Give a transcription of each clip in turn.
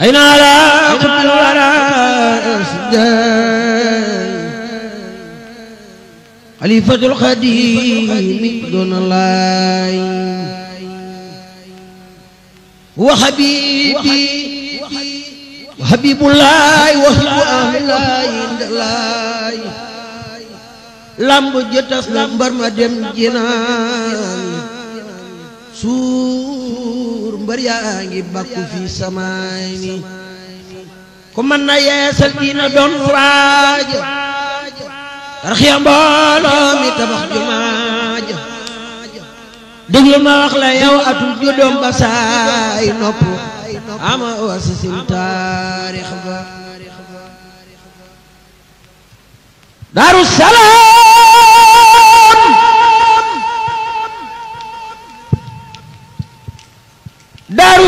أين على كل وراء خليفة القديم دون الله وحبيبي وحبيب الله وحب أهل الله لامب جتاس لامبر ما دم جنان suur mbër yaa ngi bàkku fii samaay ni ku mën na yeesal diina doon waaj tarxiya mbooloo mi tabax jumaaj déglu ma wax la yow atul juddoom ba saay nopp ama wasisil taarix ba daaru salaam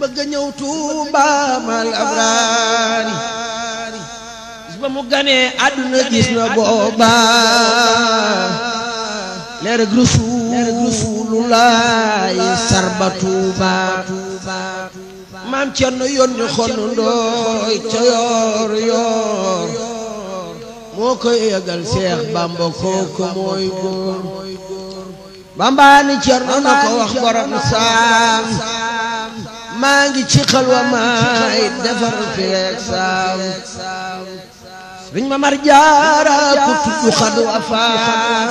bëgg a ñëw Tuuba mal abraari bis ba mu ganee àdduna gis na booba leerag Rasuulullaahi sarba Tuuba maam Cerno yónni xonu ndooy ca yoor yoor moo koy yëgal Seex Bamba kooku mooy góor Bamba ni Cerno na ko wax borom saam maa ngi ci xalwa maay defar feeg saam sëriñ Mamar Jaara ku tudd xadwa faa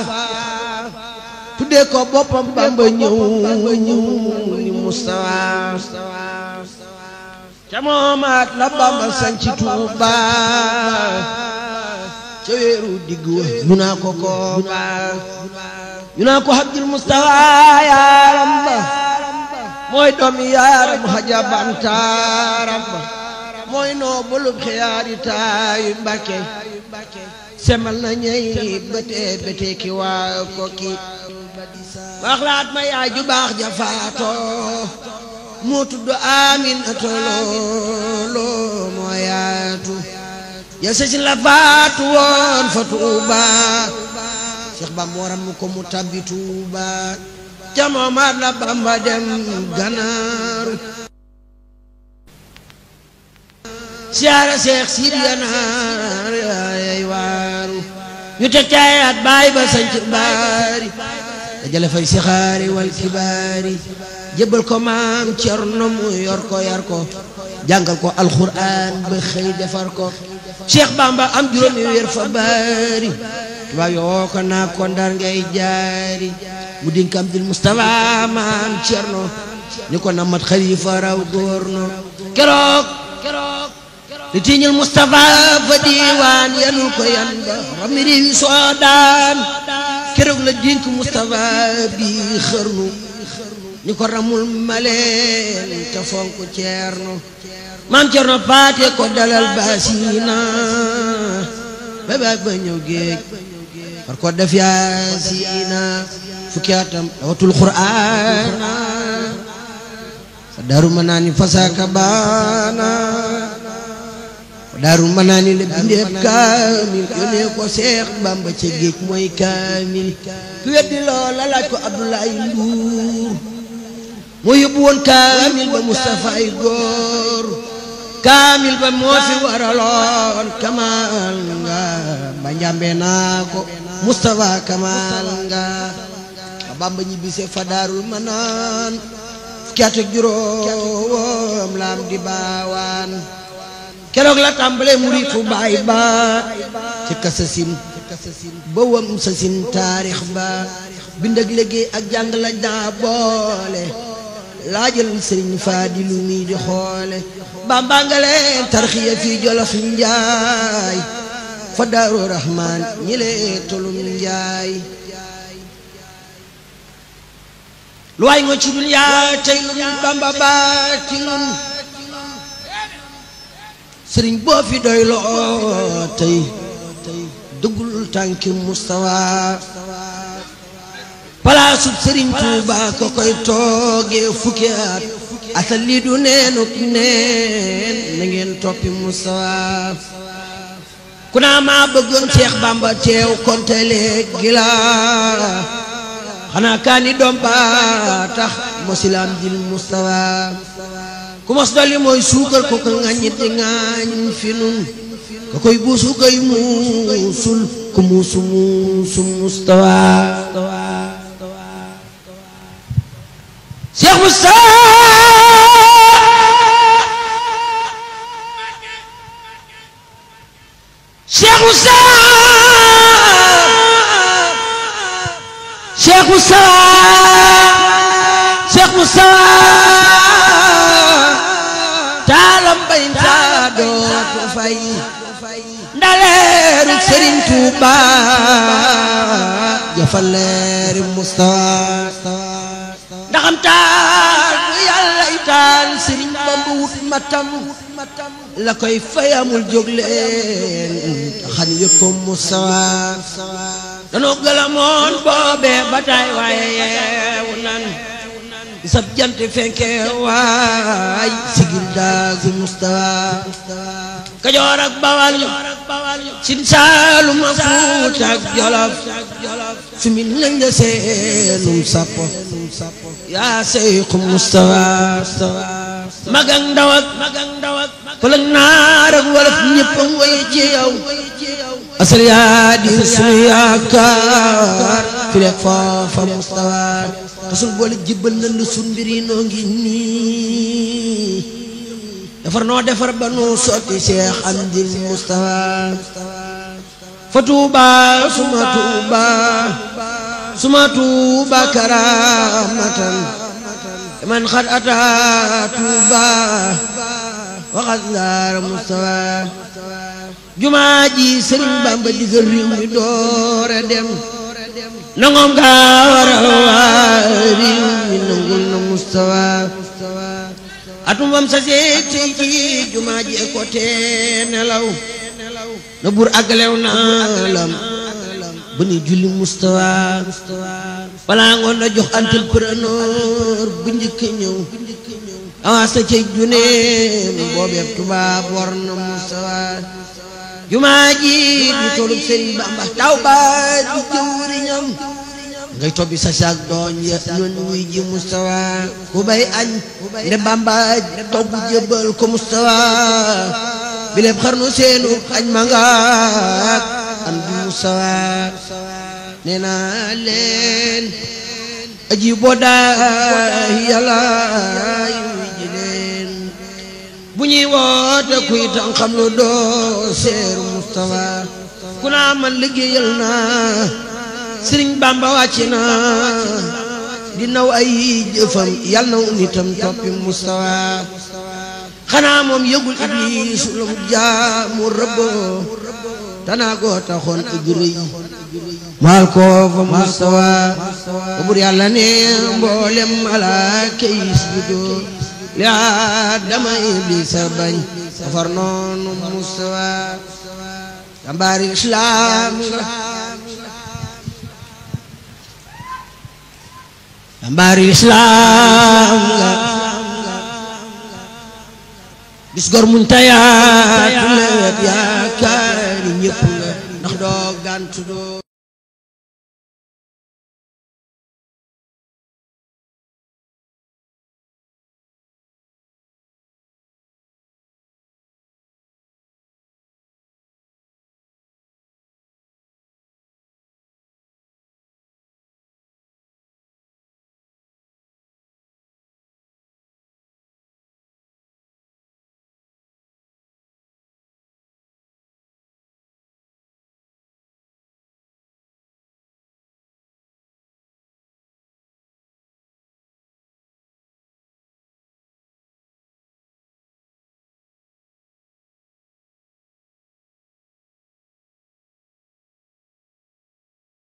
tuddee ko boppam Bamba ñëw ñëw ni Mustafa ca moomaat la Bamba sañ ci ca weeru digg wa ñu naa ko kooba ñu naa ko Abdul Mustafa yaaram ba mooy doomi yaaram xajaban taaram mooy noo bulub xiyaari taayu mbàkke semal na ñey bëte bëte ki waa kokki waxlaat ma yaay ju baax ja faato mu tudd amin atoloolo moo yaatu ya sëcc la faatu woon fa tuuba Seex Bamba waram ko mu tabbi ca Momar la Bamba dem ganaaru siyaara seex siid ganaar yaay waaru ñu teg caayaat baay ba sañ ci baari dajale fay sixaari wal kibaari jébbal ko maam Cerno mu yor ko ko jàngal ko ba xëy defar ko Bamba am juróomi weer fa baari tubaab yi ko naa ko ndar ngay jaari mu dinkam bil Mustafa maam Cerno ni ko namat xalifa raw góorno keroog li tiiñul Mustafa fa diiwaan yanul ko yan ba rami soodaan keroog la dink Mustafa bi xërnu ni ko ramul maleen te fonk Cerno maam Cerno paate ko dalal baasina ba baag ba ñëw war ko qur'aan fa daaru fasaaka baana fa daaru ma naa ni la bindeeb ko seex bamba ca géej mooy kaamil ku weddi loola laaj ko abdoulaye nduur moo yóbbu woon kaamil ba Moustapha ay kaamil ba moo fi waraloon kamal nga ba njàmbe naa Moustapha Kamal nga ba ñibbise fa daarul manaan fukki at ak juróom laam di baawaan keroog la tàmbale muri fu baay ba ci kasasin ba sasin taarix ba bind ak liggéey ak jàng lañ daa boole laajal sëriñ Faadilu di xoole Bamba nga tarxiya fii Jolof Njaay fa daaru rahmaan ñi lee tolum njaay lu waay ngo ci dun yaa tey bamba baati sëriñ boo fi doy loo tey duggul tànki palaasub sëriñ Tuuba ko koy toogee fukki at ata lii du neenu neen na ngeen toppi ku naa maa bëggoon Cheikh Bamba teew konte léeg xanaa kaani doom ba tax mosilaam jil Mustafa ku mos dolli mooy suukar ko ko ŋàññit di ŋaañ fi nun ka koy buusu koy muusul ku muusu muusu Mustafa Cheikh Mustafa Cheikh Moussa Cheikh Moussa taalam baynta dootu fay ndaleeru Serigne Touba jafaleeri Moussa ndaxam taal bu yàlla yi la koy fayamul jóg leen xaj yëfam mu sawa danoo gëlamoon boobee ba taay waaye yeewu nan la seenum sappo yaa seyxu mustawa a woy ci asal yaa di suñu fi rek faafa mustawa te suñ boole jibbal nañ la suñ mbir yi defar noo defar ba nu sotti Cheikh fa tuuba suma tuuba suma tuuba man xad ata tuuba waxat laara mustawa jumaa ji sëriñ bamba digal réew mi doora dem nangoom gaa waral waa réew mi nangul na mustawa atum sa seeg jumaa ji ko nelaw na bur àggalew na lam ba julli mustawa balaa ngoon na jox entrepreneur bu njëkk ñëw awaas sa cey junneem boobeeb tubaab war na mustawa jumaa ji di toolub Sëriñ Bamba taw ba di jëwriñam ngay tobbi sa saag dooñ ya ji Mustafa ku bay añ ne Bamba togg jëbal ko Mustafa bileb xarnu seenu añ ma nga am di Mustafa nee naa leen aji bodaa ñuy woote kuy tan xam lu doo seeru Mustafa ku naa man liggéeyal naa sëriñ Bamba wàcc naa di naw ay jëfam yàlla na nitam toppi Mustafa xanaa moom yëgul iblis la mu jaamu tanaa ko taxoon igri maal koo fa Mustafa ba bur yàlla ne mboolem alaa kayis bi doo li Aadama Iblisa bañ safar noonu Mustafa jàmbaari islaam islaam nga gis gor muñ tayaat lewet yaakaari ñëpp nga ndax doo gàntu doo